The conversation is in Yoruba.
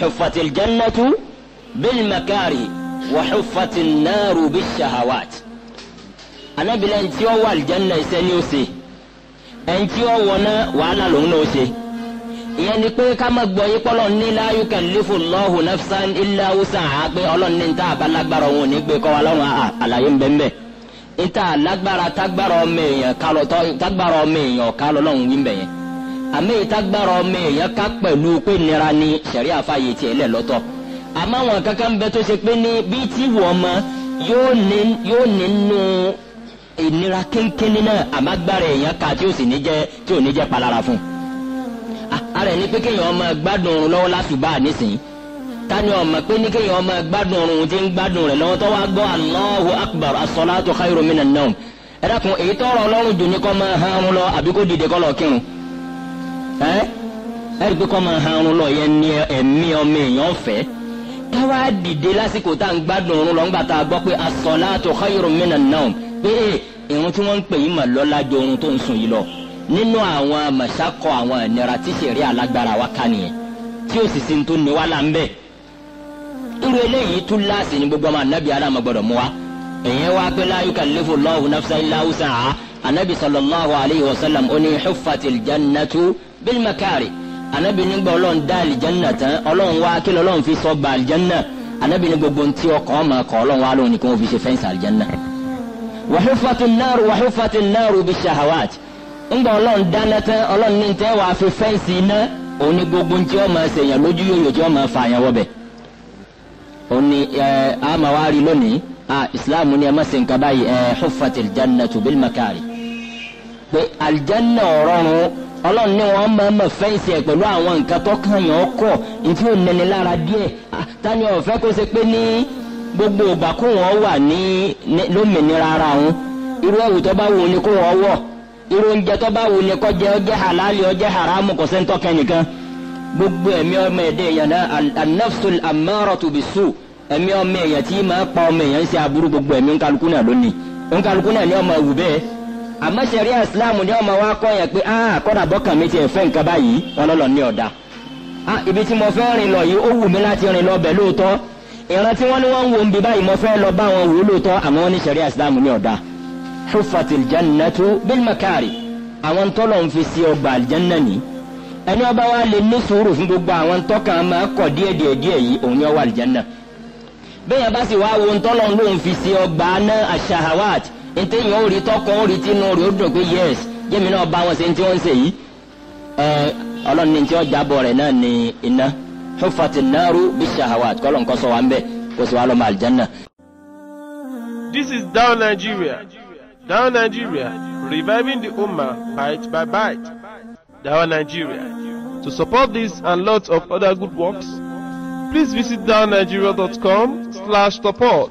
حفت الجنة بالمكاره وحفت النار بالشهوات أنا lẹ ntí ọ wà aljanna iṣẹ́ ni ó ṣe ẹntí ọ wọ náà wàhálà lòun náà ó ṣe ìyẹn ni pé ká má gbọ́ yín pọlọ ní la yukallifu Allahu nafsan illa wus'aha pé ọlọ́run ní ta àbálágbára òun ní gbé kọ́ wa lọ́rùn àlàyé ńbẹ́ńbẹ́ níta lágbára tágbára ọmọ èèyàn kálọ tágbára ọmọ èèyàn kálọ lọ́run wí mbẹ̀yẹn àmì ìtagbára ọmọ èèyàn ká pẹ̀lú pé nira ni sẹ̀rí àfààyè tiẹ̀ lẹ̀ lọ́tọ̀ àmọ́ àwọn kankan ń bẹ tó ṣe pé ní bí tí wọ́n mọ yóò nínú ìnira kínkínní náà àmágbára èèyàn ká tí ò sì ní jẹ́ tí ò ní jẹ́ palára fún un. ara ẹ̀ pé kéèyàn ọmọ gbádùn òun lọ́wọ́ lásùbà nísìnyí tani ọmọ pé ní kéèyàn ọmọ gbádùn òun ti ń gbádùn rẹ̀ lọ́wọ́ tó wá gbọ́ Allahu akbar as-salatu khairu minan nawm ẹ̀dá kun èyí tọrọ Ọlọ́run dùn ní kọ́ máa hàn án lọ àbí kó dìde kọ́ lọ kírun ẹ̀rí pé kọ́ máa han ọrùn lọ yẹn ní ẹ̀mí ọmọ èèyàn fẹ́ káwá dìde lásìkò tá à ń gbádùn ọrùn lọ ńgbà tá a gbọ́ pé as-salatu khayrun minan nawm pé eh, ìrun tí wọ́n ń pè yín mà lọ́lá ju oorun tó ń sùn yìí lọ nínú àwọn màṣákọ àwọn ìnira tí sẹ̀rí alágbára wa ká nìyẹn tí ó sì sin tó ní wá là ń bẹ̀. irú eléyìí tún láàsì ní gbogbo ọmọ anábìá náà mọ̀ gbọ́dọ̀ mú wa èèyàn wá pé la yukallifu Allahu nafsan illa wus'aha anabi sallallahu alayhi wa sallam oni hufatil jannatu bilmakari anabi nígbà ọlọ́run dá alijanna tán ọlọ́run wá kí lọ́lọ́run fi sọ ba alijanna anabi ní gbogbo ntí ọkọ̀ ọmọ ọkọ̀ ọlọ́run wá lóhùn ní kí wọ́n fi ṣe fẹ́ǹsì alijanna. wàhúfatil náàrú wàhúfatil náàrú bi shahawat ńgbà ọlọ́run dáná tán ọlọ́run ní tẹ́ wàá fi fẹ́ǹsì iná òun ní gbogbo ntí ọmọ ẹsẹ̀yàn lójú yòyò tí ọmọ ẹfà yẹn wọ́bẹ̀. òun ni ẹ àmà wá rí lónìí ah islam ní ẹ má ṣe nǹkan báyìí ẹ hufatil jannatu bilmakari pé aljanna ọ̀rọ̀run ọlọ́run ní wọn máa ma fẹ́ ẹ̀ pẹ̀lú àwọn nǹkan tó nítí ò nẹni lára wọn wà ní lómìnira ara wọn irú ẹ̀wù tó bá ni kó wọn wọ̀ irú ni kó halali haramu kò sẹ́ńtọ́ gbogbo ẹ̀mí ọmọ ẹ̀dẹ́ èèyàn náà an-nafsul ẹ̀mí ọmọ èèyàn tí máa pa ọmọ èèyàn ń ṣe aburú gbogbo ẹ̀mí nkálukú náà lónìí nkálukú náà ní ọmọ àmọ́ sẹ̀rí ìsìláàmù ni wọ́n máa wá kọ́ yẹn pé ah kọ́dà bọ́kàn mi ti ẹ̀ fẹ́ nǹkan báyìí ọlọ́lọ́ ní ọ̀dà ah ibi tí mo fẹ́ rìn lọ yìí ó wù mí láti rìn lọ bẹ̀ lóòótọ́ ìran tí wọ́n ní wọ́n ń wo nbí báyìí mo fẹ́ lọ bá wọn wò lóòótọ́ àmọ́ wọ́n ní sẹ̀rí ìsìláàmù ní ọ̀dà hufatil jannatu bil makari àwọn tọ́lọ̀ ń fi sí ọgbà àlìjánná ni ẹni ọba wa lè ní sùúrù fún gbogbo àwọn tọ́kàn máa kọ̀ díẹ̀ díẹ̀ díẹ̀ yìí òun ni ọwọ́ ètò yìí ó rí tọkọ ó rí tínú rí ó dùn pé yes jẹ́mi náà bá wọn ṣe ní tí wọ́n ń ṣe yìí ẹ ní tí wọ́n jábọ̀ rẹ̀ náà ní iná hufati naru bishahawat kọ́lọ̀ nǹkan sọ wa ń bẹ̀ kó sì wá lọ́mọ àlìjánná. This is Dawn Nigeria. Dawn Nigeria, reviving the Umma bite by bite. Dawn Nigeria. To support this and lots of other good works, please visit downnigeria.com slash support.